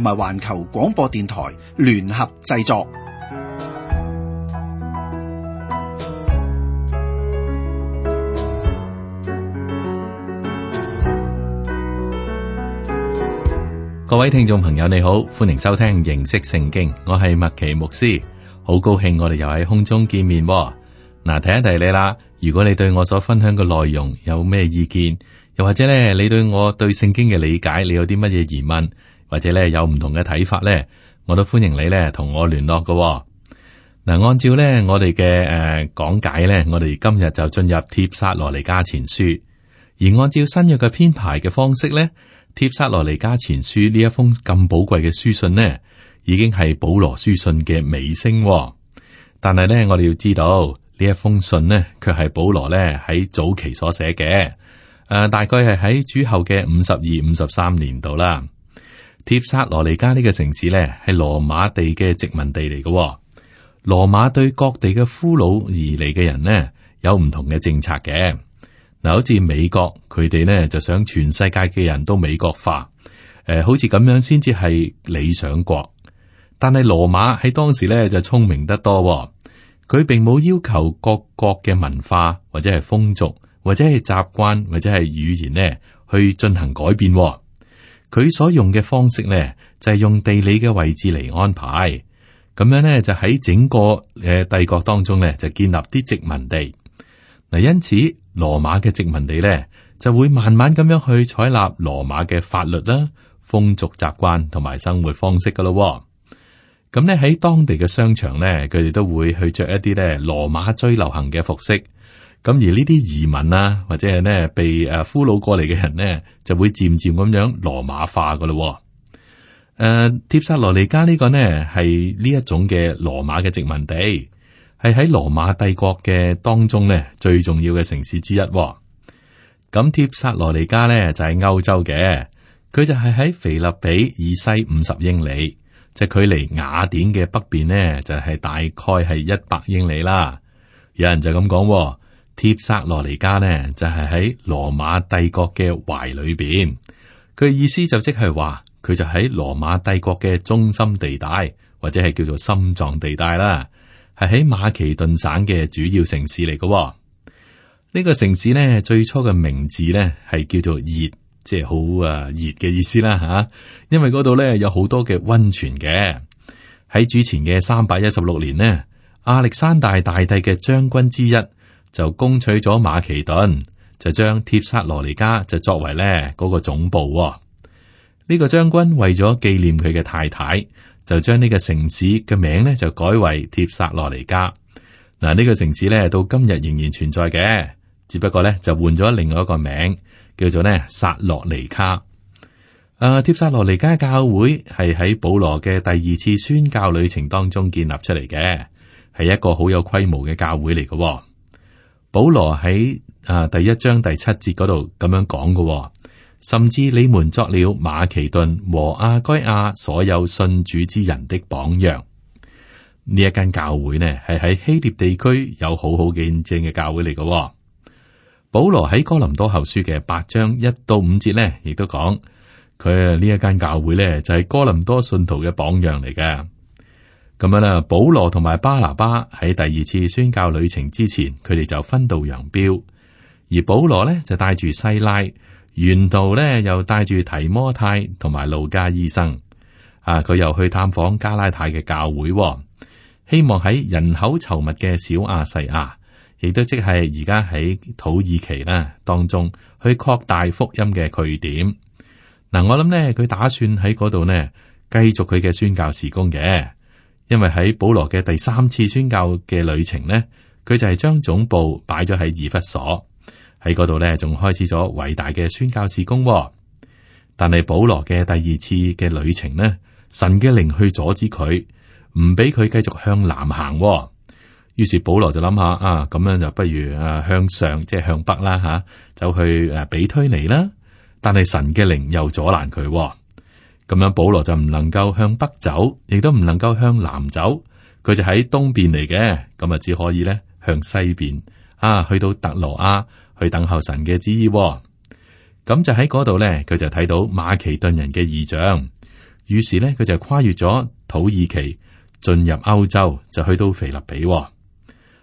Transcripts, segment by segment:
同埋環球廣播電台聯合製作。各位聽眾朋友，你好，歡迎收聽《認識聖經》，我係麥奇牧師，好高興我哋又喺空中見面。嗱，提一提你啦。如果你對我所分享嘅內容有咩意見，又或者咧，你對我對聖經嘅理解，你有啲乜嘢疑問？或者咧有唔同嘅睇法咧，我都歡迎你咧同我聯絡嘅。嗱，按照咧我哋嘅誒講解咧，我哋今日就進入帖撒羅尼迦前書。而按照新約嘅編排嘅方式咧，帖撒羅尼迦前書呢一封咁寶貴嘅書信呢，已經係保羅書信嘅尾聲。但係咧，我哋要知道，呢一封信呢，卻係保羅咧喺早期所寫嘅誒、呃，大概係喺主後嘅五十二、五十三年度啦。帖撒羅尼迦呢個城市呢，係羅馬地嘅殖民地嚟嘅。羅馬對各地嘅俘虜而嚟嘅人呢，有唔同嘅政策嘅。嗱，好似美國，佢哋呢就想全世界嘅人都美國化，誒，好似咁樣先至係理想國。但係羅馬喺當時呢就聰明得多，佢並冇要求各國嘅文化或者係風俗或者係習慣或者係語言呢去進行改變。佢所用嘅方式咧，就係用地理嘅位置嚟安排，咁樣咧，就喺整個誒帝國當中咧，就建立啲殖民地。嗱，因此羅馬嘅殖民地咧，就會慢慢咁樣去採納羅馬嘅法律啦、風俗習慣同埋生活方式噶咯。咁咧，喺當地嘅商場咧，佢哋都會去着一啲咧羅馬最流行嘅服飾。咁而呢啲移民啊，或者係呢被誒俘虜過嚟嘅人呢，就會漸漸咁樣羅馬化噶咯、哦。誒、啊，帖撒羅尼迦呢個呢，係呢一種嘅羅馬嘅殖民地，係喺羅馬帝國嘅當中呢最重要嘅城市之一、哦。咁帖撒羅尼迦呢，就喺、是、歐洲嘅，佢就係喺腓立比以西五十英里，即、就、係、是、距離雅典嘅北邊呢，就係、是、大概係一百英里啦。有人就咁講、哦。帖撒羅尼迦呢，就係喺羅馬帝國嘅懷裏邊，佢意思就即係話佢就喺羅馬帝國嘅中心地帶，或者係叫做心臟地帶啦，係喺馬其頓省嘅主要城市嚟嘅。呢、這個城市呢，最初嘅名字呢，係叫做熱，即係好啊熱嘅意思啦吓、啊，因為嗰度呢，有好多嘅溫泉嘅。喺主前嘅三百一十六年呢，亞歷山大大帝嘅將軍之一。就攻取咗馬其頓，就將帖撒羅尼迦就作為咧嗰、那個總部、哦。呢、這個將軍為咗紀念佢嘅太太，就將呢個城市嘅名咧就改為帖撒羅尼迦。嗱、啊，呢、這個城市咧到今日仍然存在嘅，只不過咧就換咗另外一個名叫做咧薩洛尼卡。誒、啊，帖撒羅尼迦教會係喺保羅嘅第二次宣教旅程當中建立出嚟嘅，係一個好有規模嘅教會嚟嘅、哦。保羅喺啊第一章第七節嗰度咁樣講嘅、哦，甚至你們作了馬其頓和亞該亞所有信主之人的榜樣。呢一間教會呢係喺希臘地區有好好見證嘅教會嚟嘅、哦。保羅喺哥林多後書嘅八章一到五節呢，亦都講佢呢一間教會呢就係、是、哥林多信徒嘅榜樣嚟嘅。咁樣啦，保羅同埋巴拿巴喺第二次宣教旅程之前，佢哋就分道揚鑣。而保羅呢，就帶住西拉，沿道呢又帶住提摩太同埋路加醫生啊，佢又去探訪加拉太嘅教會，希望喺人口稠密嘅小亞細亞，亦都即係而家喺土耳其啦當中去擴大福音嘅據點。嗱、啊，我諗呢，佢打算喺嗰度呢，繼續佢嘅宣教事工嘅。因為喺保羅嘅第三次宣教嘅旅程呢，佢就係將總部擺咗喺以弗所，喺嗰度呢，仲開始咗偉大嘅宣教事工、哦。但係保羅嘅第二次嘅旅程呢，神嘅靈去阻止佢，唔俾佢繼續向南行、哦。於是保羅就諗下啊，咁樣就不如啊向上，即係向北啦吓、啊，走去誒比推尼啦。但係神嘅靈又阻攔佢、哦。咁樣保羅就唔能夠向北走，亦都唔能夠向南走，佢就喺東邊嚟嘅，咁啊只可以咧向西邊啊，去到特羅亞去等候神嘅旨意、哦。咁就喺嗰度咧，佢就睇到馬其頓人嘅異象，於是咧佢就跨越咗土耳其進入歐洲，就去到腓立比、哦。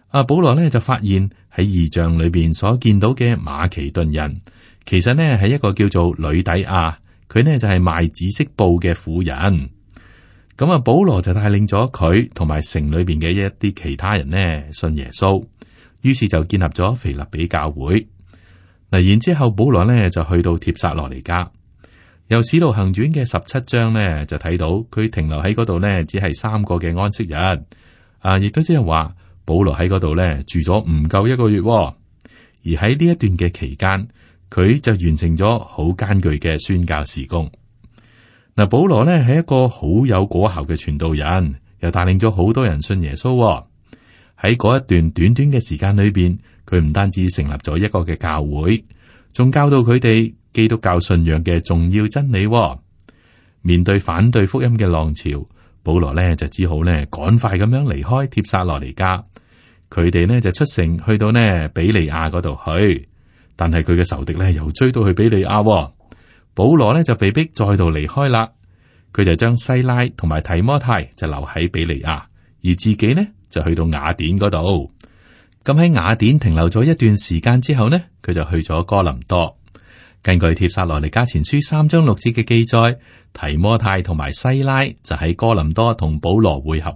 阿、啊、保羅咧就發現喺異象裏邊所見到嘅馬其頓人，其實呢，係一個叫做呂底亞。佢呢就係、是、賣紫色布嘅婦人，咁啊保羅就帶領咗佢同埋城裏邊嘅一啲其他人呢信耶穌，於是就建立咗腓立比教會。嗱，然之後保羅呢就去到帖撒羅尼迦，由使徒行傳嘅十七章呢就睇到佢停留喺嗰度呢只係三個嘅安息日，啊亦都即係話保羅喺嗰度呢住咗唔夠一個月、哦，而喺呢一段嘅期間。佢就完成咗好艱巨嘅宣教事工。嗱、啊，保羅呢係一個好有果效嘅傳道人，又帶領咗好多人信耶穌、哦。喺嗰一段短短嘅時間裏邊，佢唔單止成立咗一個嘅教會，仲教導佢哋基督教信仰嘅重要真理、哦。面對反對福音嘅浪潮，保羅呢就只好呢趕快咁樣離開帖撒羅尼迦，佢哋呢就出城去到呢比利亞嗰度去。但係佢嘅仇敵咧，又追到去比利亞，保羅呢就被逼再度離開啦。佢就將西拉同埋提摩太就留喺比利亞，而自己呢就去到雅典嗰度。咁喺雅典停留咗一段時間之後呢，佢就去咗哥林多。根據帖撒羅尼迦前書三章六節嘅記載，提摩太同埋西拉就喺哥林多同保羅會合，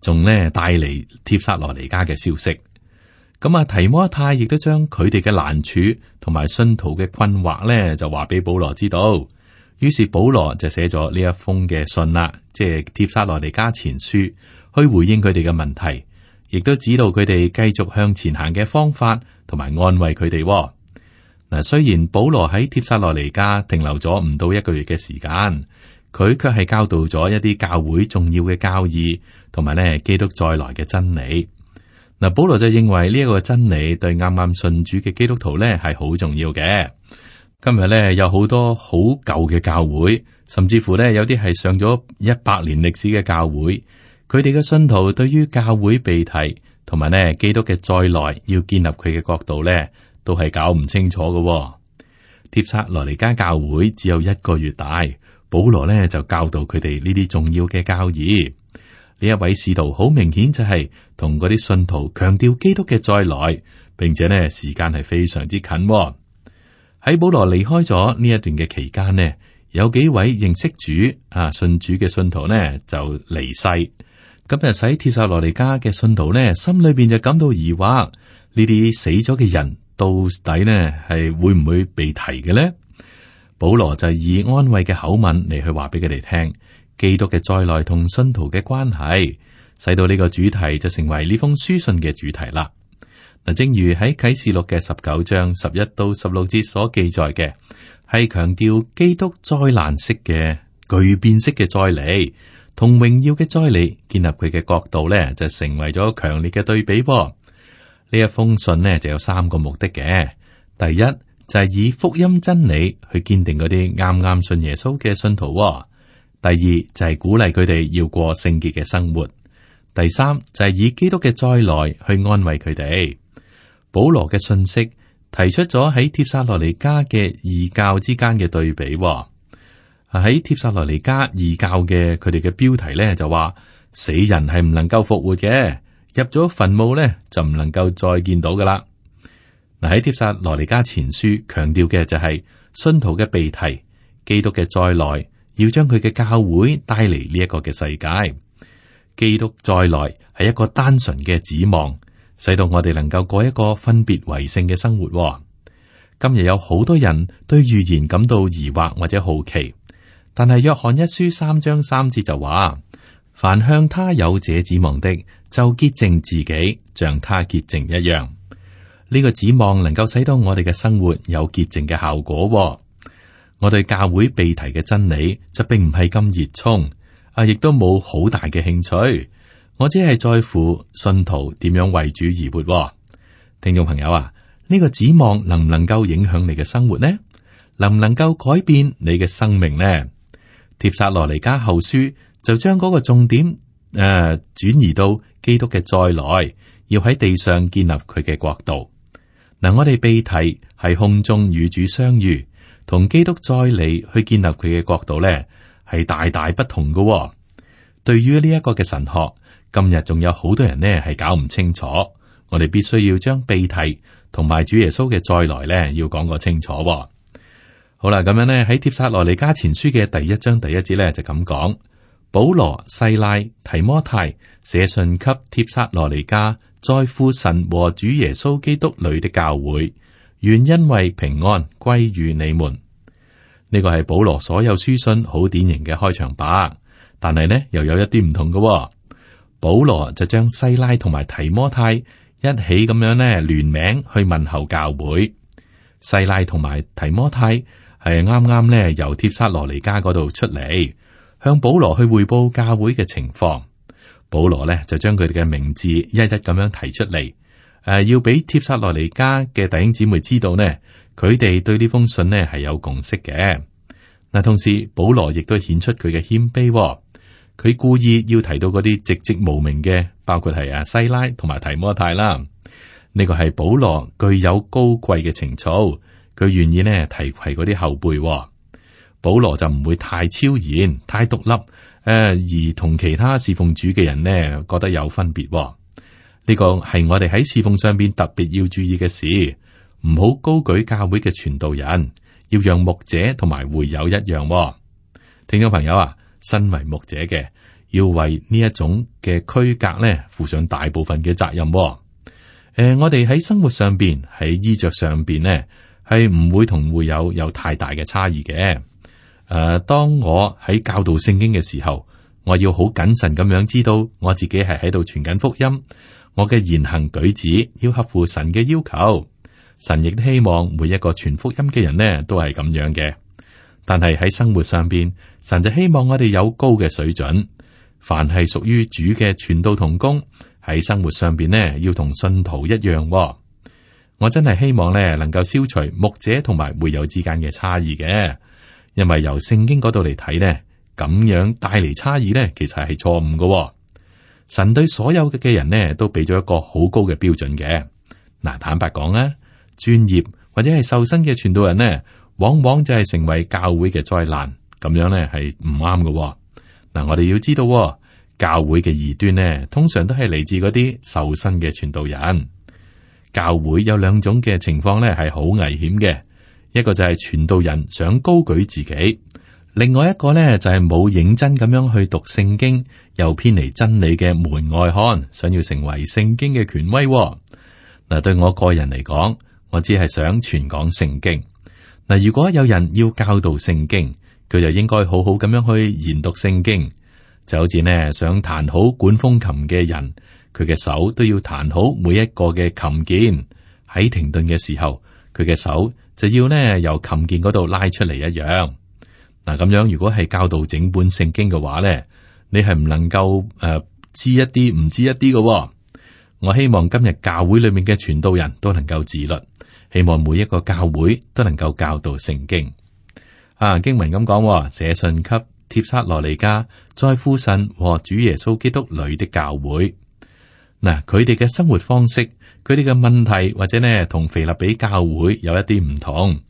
仲呢帶嚟帖撒羅尼迦嘅消息。咁啊，提摩太亦都將佢哋嘅難處同埋信徒嘅困惑咧，就話俾保羅知道。於是保羅就寫咗呢一封嘅信啦，即係帖撒羅尼迦前書，去回應佢哋嘅問題，亦都指導佢哋繼續向前行嘅方法，同埋安慰佢哋。嗱，雖然保羅喺帖撒羅尼迦停留咗唔到一個月嘅時間，佢卻係教導咗一啲教會重要嘅教義，同埋咧基督再來嘅真理。嗱，保羅就認為呢一個真理對啱啱信主嘅基督徒咧係好重要嘅。今日咧有好多好舊嘅教會，甚至乎咧有啲係上咗一百年歷史嘅教會，佢哋嘅信徒對於教會被提同埋咧基督嘅再來要建立佢嘅角度國度咧，都係搞唔清楚嘅。帖撒羅尼迦教會只有一個月大，保羅咧就教導佢哋呢啲重要嘅教義。呢一位使徒好明顯就係同嗰啲信徒強調基督嘅再來，並且咧時間係非常之近。喺保羅離開咗呢一段嘅期間呢，有幾位認識主啊信主嘅信徒呢就離世，咁就使帖撒羅尼迦嘅信徒呢，心裏邊就感到疑惑：「呢啲死咗嘅人到底呢係會唔會被提嘅呢？」保羅就以安慰嘅口吻嚟去話俾佢哋聽。基督嘅再來同信徒嘅關係，使到呢個主題就成為呢封書信嘅主題啦。嗱，正如喺啟示錄嘅十九章十一到十六節所記載嘅，係強調基督災難式嘅巨變式嘅再來同榮耀嘅再來建立佢嘅角度咧，就成為咗強烈嘅對比。噃，呢一封信呢就有三個目的嘅，第一就係、是、以福音真理去堅定嗰啲啱啱信耶穌嘅信徒。第二就係鼓勵佢哋要過聖潔嘅生活。第三就係以基督嘅再來去安慰佢哋。保羅嘅信息提出咗喺帖撒羅尼迦嘅異教之間嘅對比哦。喺帖撒羅尼迦異教嘅佢哋嘅標題呢，就話死人係唔能夠復活嘅，入咗墳墓呢就唔能夠再見到噶啦。嗱，喺帖撒羅尼迦前書強調嘅就係信徒嘅碑題，基督嘅再來。要將佢嘅教會帶嚟呢一個嘅世界，基督再來係一個單純嘅指望，使到我哋能夠過一個分別為聖嘅生活。今日有好多人對預言感到疑惑或者好奇，但係約翰一書三章三節就話：凡向他有這指望的，就潔淨自己，像他潔淨一樣。呢、這個指望能夠使到我哋嘅生活有潔淨嘅效果。我哋教會被提嘅真理，就並唔係咁熱衷，啊，亦都冇好大嘅興趣。我只係在乎信徒點樣為主而活。聽眾朋友啊，呢個指望能唔能夠影響你嘅生活呢？能唔能夠改變你嘅生命呢？帖撒羅尼迦後書就將嗰個重點誒、呃、轉移到基督嘅再來，要喺地上建立佢嘅國度。嗱、呃，我哋被提喺空中與主相遇。同基督再來去建立佢嘅角度咧，係大大不同嘅、哦。對於呢一個嘅神學，今日仲有好多人咧係搞唔清楚。我哋必須要將被提同埋主耶穌嘅再來咧，要講個清楚、哦。好啦，咁樣咧喺帖撒羅尼迦前書嘅第一章第一節咧就咁講：保羅、西拉、提摩太寫信給帖撒羅尼迦，在父神和主耶穌基督裡的教會。願恩惠平安歸於你們，呢個係保羅所有書信好典型嘅開場白。但係咧，又有一啲唔同嘅，哦。保羅就將西拉同埋提摩太一起咁樣咧聯名去問候教會。西拉同埋提摩太係啱啱咧由帖撒羅尼迦嗰度出嚟，向保羅去匯報教會嘅情況。保羅咧就將佢哋嘅名字一一咁樣提出嚟。誒，要俾帖撒羅尼迦嘅弟兄姊妹知道呢，佢哋對呢封信呢係有共識嘅。嗱，同時保羅亦都顯出佢嘅謙卑，佢故意要提到嗰啲籍籍無名嘅，包括係阿西拉同埋提摩太啦。呢個係保羅具有高貴嘅情操，佢願意呢提攜嗰啲後輩。保羅就唔會太超然、太獨立，誒、呃，而同其他侍奉主嘅人呢覺得有分別。呢個係我哋喺侍奉上邊特別要注意嘅事，唔好高舉教會嘅傳道人，要讓牧者同埋會友一樣、哦。聽眾朋友啊，身為牧者嘅，要為呢一種嘅區隔呢負上大部分嘅責任、哦。誒、呃，我哋喺生活上邊，喺衣着上邊呢，係唔會同會友有太大嘅差異嘅。誒、呃，當我喺教導聖經嘅時候，我要好謹慎咁樣知道我自己係喺度傳緊福音。我嘅言行舉止要合乎神嘅要求，神亦都希望每一個傳福音嘅人呢都係咁樣嘅。但係喺生活上邊，神就希望我哋有高嘅水準。凡係屬於主嘅傳道同工喺生活上邊呢，要同信徒一樣、哦。我真係希望呢能夠消除牧者同埋會友之間嘅差異嘅，因為由聖經嗰度嚟睇呢，咁樣帶嚟差異呢，其實係錯誤嘅、哦。神對所有嘅人呢，都俾咗一個好高嘅標準嘅。嗱，坦白講咧，專業或者係受薪嘅傳道人呢，往往就係成為教會嘅災難。咁樣呢係唔啱嘅。嗱，我哋要知道教會嘅異端呢，通常都係嚟自嗰啲受薪嘅傳道人。教會有兩種嘅情況呢，係好危險嘅。一個就係傳道人想高舉自己。另外一個呢，就係、是、冇認真咁樣去讀聖經，又偏離真理嘅門外漢，想要成為聖經嘅權威嗱、哦。對我個人嚟講，我只係想傳講聖經嗱。如果有人要教導聖經，佢就應該好好咁樣去研讀聖經，就好似呢，想彈好管風琴嘅人，佢嘅手都要彈好每一個嘅琴鍵。喺停頓嘅時候，佢嘅手就要呢，由琴鍵嗰度拉出嚟一樣。嗱，咁樣如果係教導整本聖經嘅話咧，你係唔能夠誒、呃、知一啲唔知一啲嘅，哦。我希望今日教會裏面嘅傳道人都能夠自律，希望每一個教會都能夠教導聖經。啊，經文咁講，寫信給帖撒羅尼迦，在父神和主耶穌基督裏的教會。嗱，啊，佢哋嘅生活方式，佢哋嘅問題或者呢同腓立比教會有一啲唔同，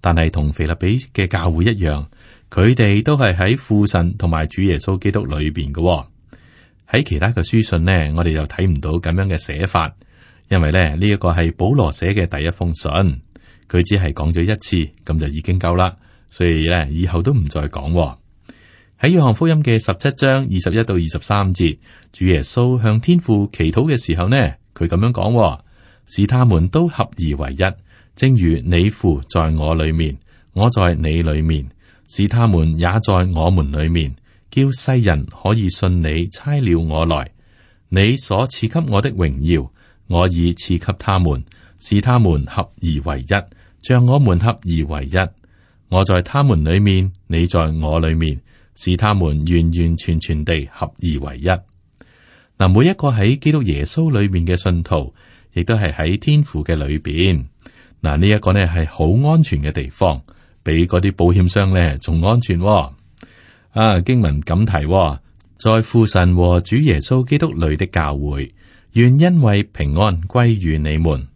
但係同腓立比嘅教會一樣。佢哋都係喺父神同埋主耶穌基督裏邊嘅。喺其他嘅書信呢，我哋又睇唔到咁樣嘅寫法，因為咧呢一個係保羅寫嘅第一封信，佢只係講咗一次，咁就已經夠啦。所以咧以後都唔再講喺、哦、約翰福音嘅十七章二十一到二十三節，主耶穌向天父祈禱嘅時候呢，佢咁樣講、哦，使他們都合而為一，正如你父在我裏面，我在你裏面。使他們也在我們裏面，叫世人可以信你差了我來。你所賜給我的榮耀，我已賜給他們，使他們合而為一，將我們合而為一。我在他們裏面，你在我裏面，使他們完完全全地合而為一。嗱，每一個喺基督耶穌裏面嘅信徒，亦都係喺天父嘅裏邊。嗱，呢一個呢係好安全嘅地方。俾嗰啲保險商咧，仲安全。哦，啊經文咁提，哦，在父神和主耶穌基督裏的教會，願恩惠平安歸於你們。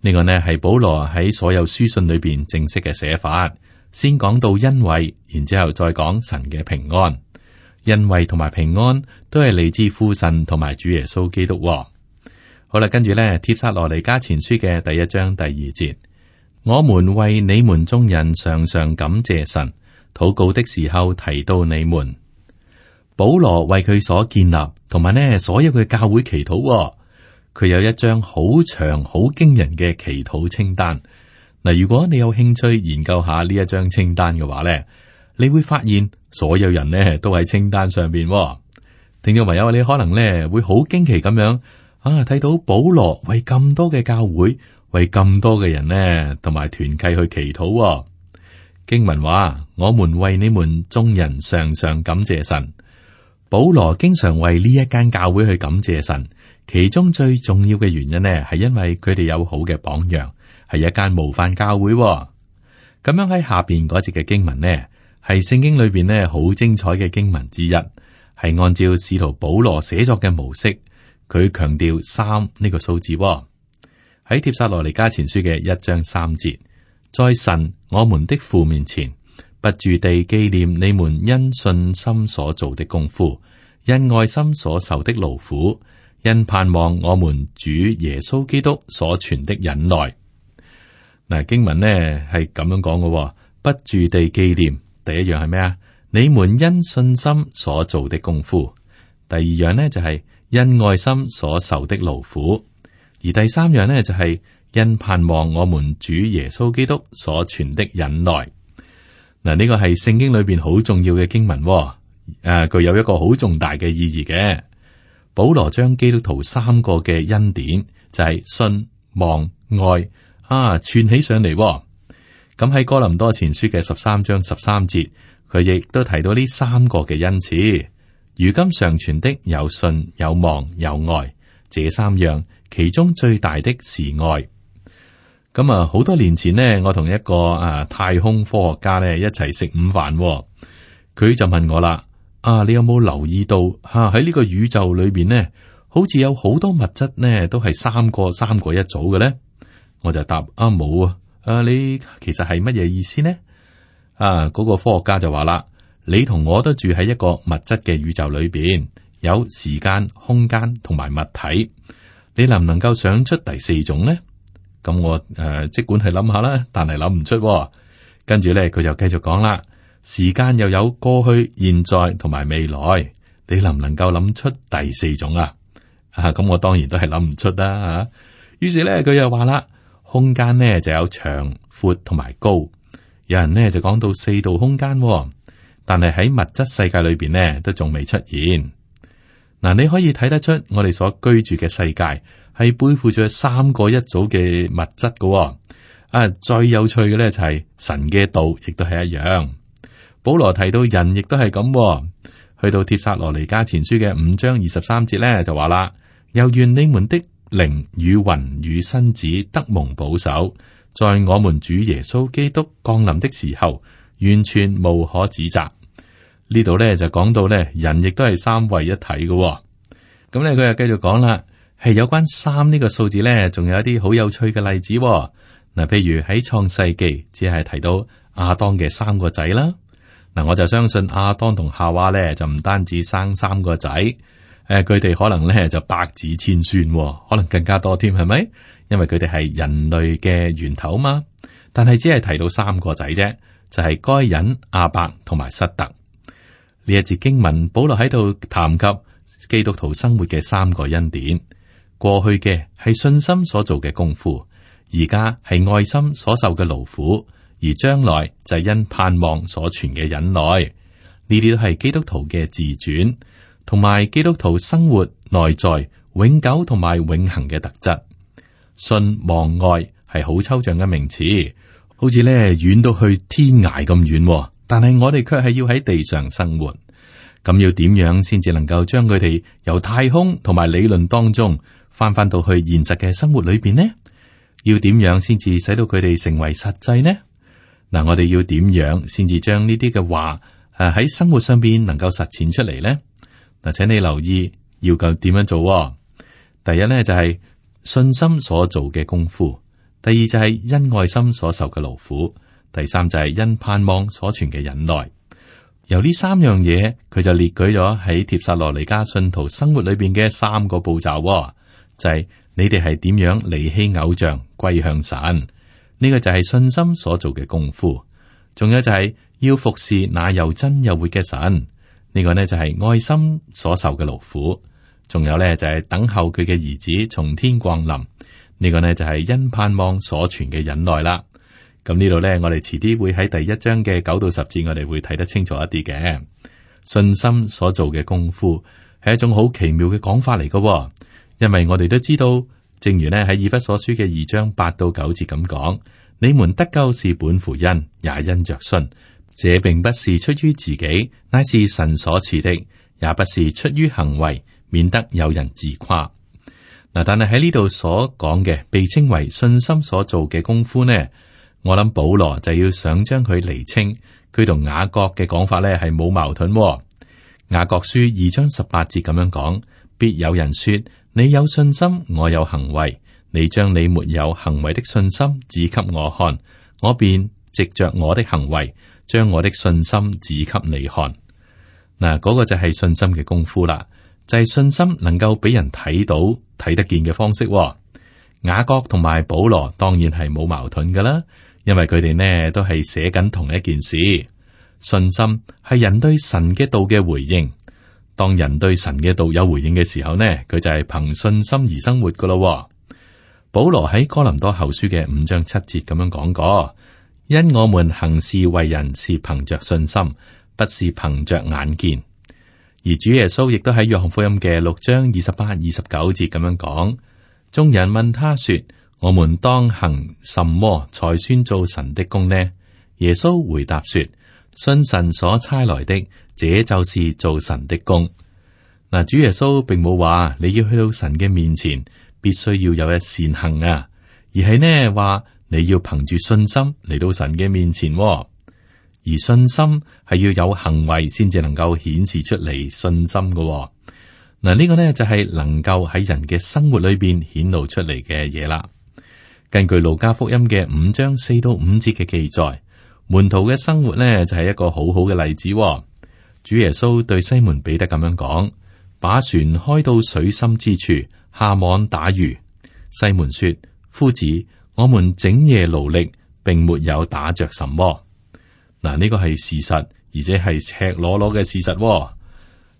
呢個呢係保羅喺所有書信裏邊正式嘅寫法。先講到恩惠，然之後再講神嘅平安。恩惠同埋平安都係嚟自父神同埋主耶穌基督，哦。好啦，跟住呢，帖撒羅尼迦前書嘅第一章第二節。我們為你們眾人常常感謝神，禱告的時候提到你們。保羅為佢所建立同埋呢所有佢嘅教會祈禱，佢有一張好長好驚人嘅祈禱清單。嗱，如果你有興趣研究下呢一張清單嘅話呢，你會發現所有人呢都喺清單上邊。聽眾朋友，你可能呢會好驚奇咁樣啊，睇到保羅為咁多嘅教會。為咁多嘅人呢，同埋團契去祈禱。經文話：我們為你們眾人常常感謝神。保羅經常為呢一間教會去感謝神，其中最重要嘅原因呢，係因為佢哋有好嘅榜樣，係一間模範教會。咁樣喺下邊嗰隻嘅經文呢，係聖經裏邊呢好精彩嘅經文之一，係按照使徒保羅寫作嘅模式，佢強調三呢個數字。喺帖撒羅尼迦前書嘅一章三節，在神我們的父面前，不住地紀念你們因信心所做的功夫，因愛心所受的勞苦，因盼望我們主耶穌基督所存的忍耐。嗱，經文呢係咁樣講嘅，不住地紀念第一樣係咩啊？你們因信心所做的功夫，第二樣呢就係、是、因愛心所受的勞苦。而第三樣呢、就是，就係因盼望我們主耶穌基督所傳的忍耐嗱。呢個係聖經裏邊好重要嘅經文、哦，誒、啊，具有一個好重大嘅意義嘅。保羅將基督徒三個嘅恩典就係、是、信望愛啊串起上嚟、哦。咁、啊、喺哥林多前書嘅十三章十三節，佢亦都提到呢三個嘅恩賜。如今常傳的有信有望有愛，這三樣。其中最大的是愛咁啊。好多年前呢，我同一個啊太空科學家咧一齊食午飯，佢就問我啦：啊，你有冇留意到？吓喺呢個宇宙裏邊呢，好似有好多物質呢都係三個三個一組嘅咧。我就答：啊，冇啊。誒，你其實係乜嘢意思呢？」啊，嗰個科學家就話啦：你同我都住喺一個物質嘅宇宙裏邊，有時間、空間同埋物體。你能唔能夠想出第四種呢？咁我誒，即管係諗下啦，但係諗唔出啊。跟住咧，佢就繼續講啦。時間又有過去、現在同埋未來，你能唔能夠諗出第四種啊？啊，咁我當然都係諗唔出啦。啊，於是咧，佢又話啦，空間咧就有長、闊同埋高。有人咧就講到四度空間啊，但係喺物質世界裏邊咧都仲未出現。嗱，你可以睇得出我哋所居住嘅世界係背負著三個一組嘅物質嘅。哦，啊，最有趣嘅咧就係神嘅道，亦都係一樣。保羅提到人亦都係咁，去到帖撒羅尼迦前書嘅五章二十三節咧就話啦：又願你們的靈與魂與身子得蒙保守，在我們主耶穌基督降臨的時候，完全無可指責。呢度咧就講到咧，人亦都係三圍一體嘅，哦。咁咧，佢又繼續講啦，係有關三呢個數字咧，仲有一啲好有趣嘅例子嗱，哦。譬如喺創世記只係提到亞當嘅三個仔啦。嗱，我就相信亞當同夏娃咧就唔單止生三個仔，誒、呃，佢哋可能咧就百子千孫，哦，可能更加多添，係咪？因為佢哋係人類嘅源頭嘛。但係只係提到三個仔啫，就係、是、該人阿伯同埋失特。呢一節經文，保羅喺度談及基督徒生活嘅三個恩典。過去嘅係信心所做嘅功夫，而家係愛心所受嘅勞苦，而將來就係因盼望所存嘅忍耐。呢啲都係基督徒嘅自傳，同埋基督徒生活內在永久同埋永恒嘅特質。信望愛係好抽象嘅名詞，好似咧遠到去天涯咁遠。但係我哋卻係要喺地上生活，咁要點樣先至能夠將佢哋由太空同埋理論當中翻翻到去現實嘅生活裏邊呢？要點樣先至使到佢哋成為實際呢？嗱，我哋要點樣先至將呢啲嘅話誒喺生活上邊能夠實踐出嚟呢？嗱，請你留意要夠點樣做喎。第一呢就係信心所做嘅功夫，第二就係因愛心所受嘅勞苦。第三就係因盼望所存嘅忍耐，由呢三樣嘢，佢就列舉咗喺帖撒羅尼迦信徒生活裏邊嘅三個步驟、哦，就係、是、你哋係點樣離棄偶像歸向神。呢、這個就係信心所做嘅功夫。仲有就係要服侍那又真又活嘅神，呢、這個呢就係愛心所受嘅勞苦。仲有呢就係等候佢嘅兒子從天降臨，呢、這個呢就係因盼望所存嘅忍耐啦。咁呢度咧，我哋遲啲會喺第一章嘅九到十節。我哋會睇得清楚一啲嘅信心所做嘅功夫，係一種好奇妙嘅講法嚟嘅、哦。因為我哋都知道，正如呢喺以弗所書嘅二章八到九節咁講，你們得救是本乎恩，也因着信。這並不是出於自己，乃是神所賜的，也不是出於行為，免得有人自誇。嗱，但係喺呢度所講嘅，被稱為信心所做嘅功夫呢？我諗保羅就要想將佢厘清，佢同雅各嘅講法呢係冇矛盾，哦。雅各書二章十八節咁樣講：必有人說你有信心，我有行為。你將你沒有行為的信心指給我看，我便藉着我的行為將我的信心指給你看。嗱，嗰個就係信心嘅功夫啦，就係、是、信心能夠俾人睇到、睇得見嘅方式，哦。雅各同埋保羅當然係冇矛盾㗎啦。因為佢哋呢都係寫緊同一件事，信心係人對神嘅道嘅回應。當人對神嘅道有回應嘅時候呢，佢就係憑信心而生活㗎喇。保羅喺哥林多後書嘅五章七節咁樣講過：因我們行事為人是憑着信心，不是憑着眼見。而主耶穌亦都喺約翰福音嘅六章二十八、二十九節咁樣講：眾人問他說。我們當行什麼才算做神的工呢？耶穌回答說：信神所差來的，這就是做神的工。嗱，主耶穌並冇話你要去到神嘅面前，必須要有一善行啊，而係呢話你要憑住信心嚟到神嘅面前啊。而信心係要有行為先至能夠顯示出嚟信心嘅哦。嗱，呢個呢就係能夠喺人嘅生活裏邊顯露出嚟嘅嘢啦。根據路加福音嘅五章四到五節嘅記載，門徒嘅生活呢就係一個好好嘅例子。主耶穌對西門彼得咁樣講：把船開到水深之處，下網打魚。西門說：夫子，我們整夜勞力，並沒有打着什麼。嗱，呢個係事實，而且係赤裸裸嘅事實。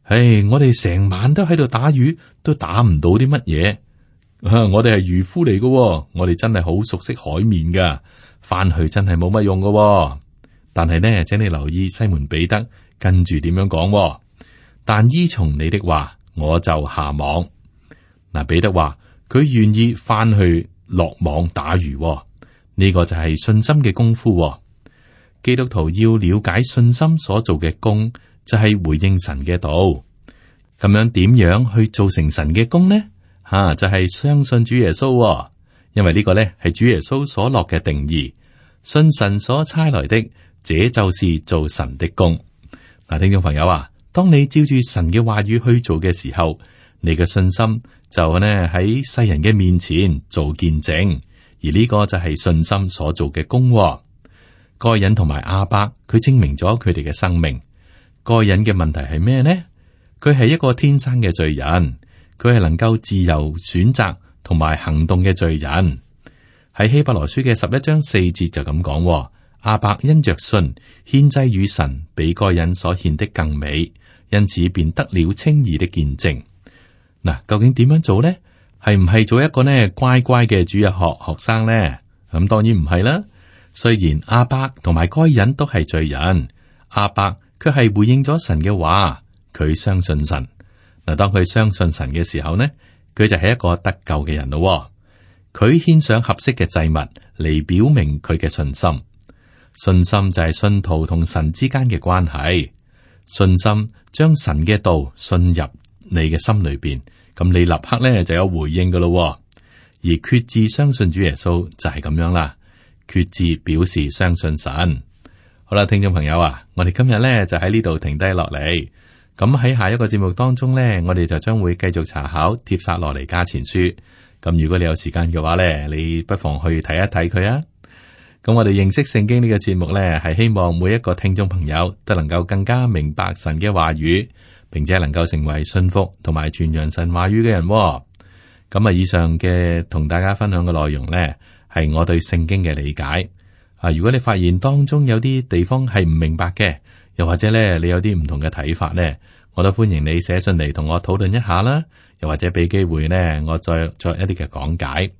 唉、哎，我哋成晚都喺度打魚，都打唔到啲乜嘢。我哋係漁夫嚟嘅，我哋真係好熟悉海面噶翻去真係冇乜用嘅。但係呢，請你留意西門彼得跟住點樣講？但依從你的話，我就下網。嗱，彼得話佢願意翻去落網打魚，呢、這個就係信心嘅功夫。基督徒要了解信心所做嘅功，就係、是、回應神嘅道。咁樣點樣去做成神嘅功呢？啊！就係、是、相信主耶穌、哦，因為個呢個咧係主耶穌所落嘅定義。信神所差來的，這就是做神的工。嗱、啊，聽眾朋友啊，當你照住神嘅話語去做嘅時候，你嘅信心就呢喺世人嘅面前做見證，而呢個就係信心所做嘅工、哦。該隱同埋阿伯，佢證明咗佢哋嘅生命。該隱嘅問題係咩呢？佢係一個天生嘅罪人。佢係能夠自由選擇同埋行動嘅罪人，喺希伯來書嘅十一章四節就咁講：阿伯因着信獻祭與神，比該人所獻的更美，因此便得了稱義的見證。嗱、啊，究竟點樣做呢？係唔係做一個呢乖乖嘅主日學學生呢？咁當然唔係啦。雖然阿伯同埋該人都係罪人，阿伯卻係回應咗神嘅話，佢相信神。嗱，當佢相信神嘅時候呢，佢就係一個得救嘅人咯。佢獻上合適嘅祭物嚟表明佢嘅信心，信心就係信徒同神之間嘅關係。信心將神嘅道信入你嘅心裏邊，咁你立刻呢就有回應㗎咯。而決志相信主耶穌就係咁樣啦。決志表示相信神。好啦，聽眾朋友啊，我哋今日呢就喺呢度停低落嚟。咁喺下一個節目當中呢，我哋就將會繼續查考《帖撒羅尼迦前書》。咁如果你有時間嘅話呢，你不妨去睇一睇佢啊。咁我哋認識聖經呢個節目呢，係希望每一個聽眾朋友都能夠更加明白神嘅話語，並且能夠成為信服同埋傳揚神話語嘅人。咁啊，以上嘅同大家分享嘅內容呢，係我對聖經嘅理解。啊，如果你發現當中有啲地方係唔明白嘅。又或者咧，你有啲唔同嘅睇法呢，我都歡迎你寫信嚟同我討論一下啦。又或者俾機會呢，我再作一啲嘅講解。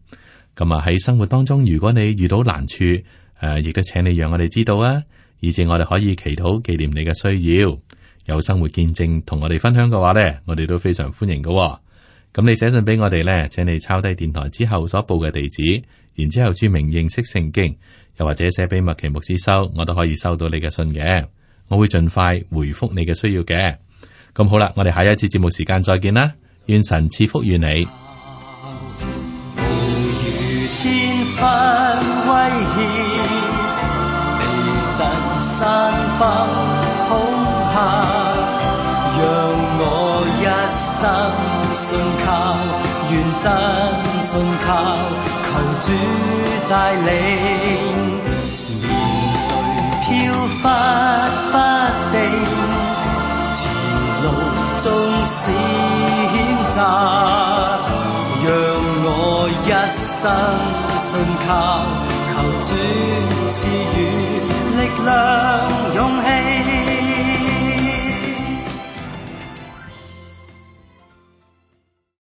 咁啊，喺生活當中，如果你遇到難處，誒、呃，亦都請你讓我哋知道啊，以至我哋可以祈禱紀念你嘅需要。有生活見證同我哋分享嘅話呢，我哋都非常歡迎噶。咁你寫信俾我哋呢，請你抄低電台之後所報嘅地址，然之後注明認識聖經，又或者寫俾麥奇牧師收，我都可以收到你嘅信嘅。我會盡快回復你嘅需要嘅，咁好啦，我哋下一次節目時間再見啦，願神賜福與你。如天分威脅地震山崩空下，讓我一生信靠願真信靠，靠，真求主帶領面對飄花是險詐，讓我一生信靠，求主賜予力量勇氣。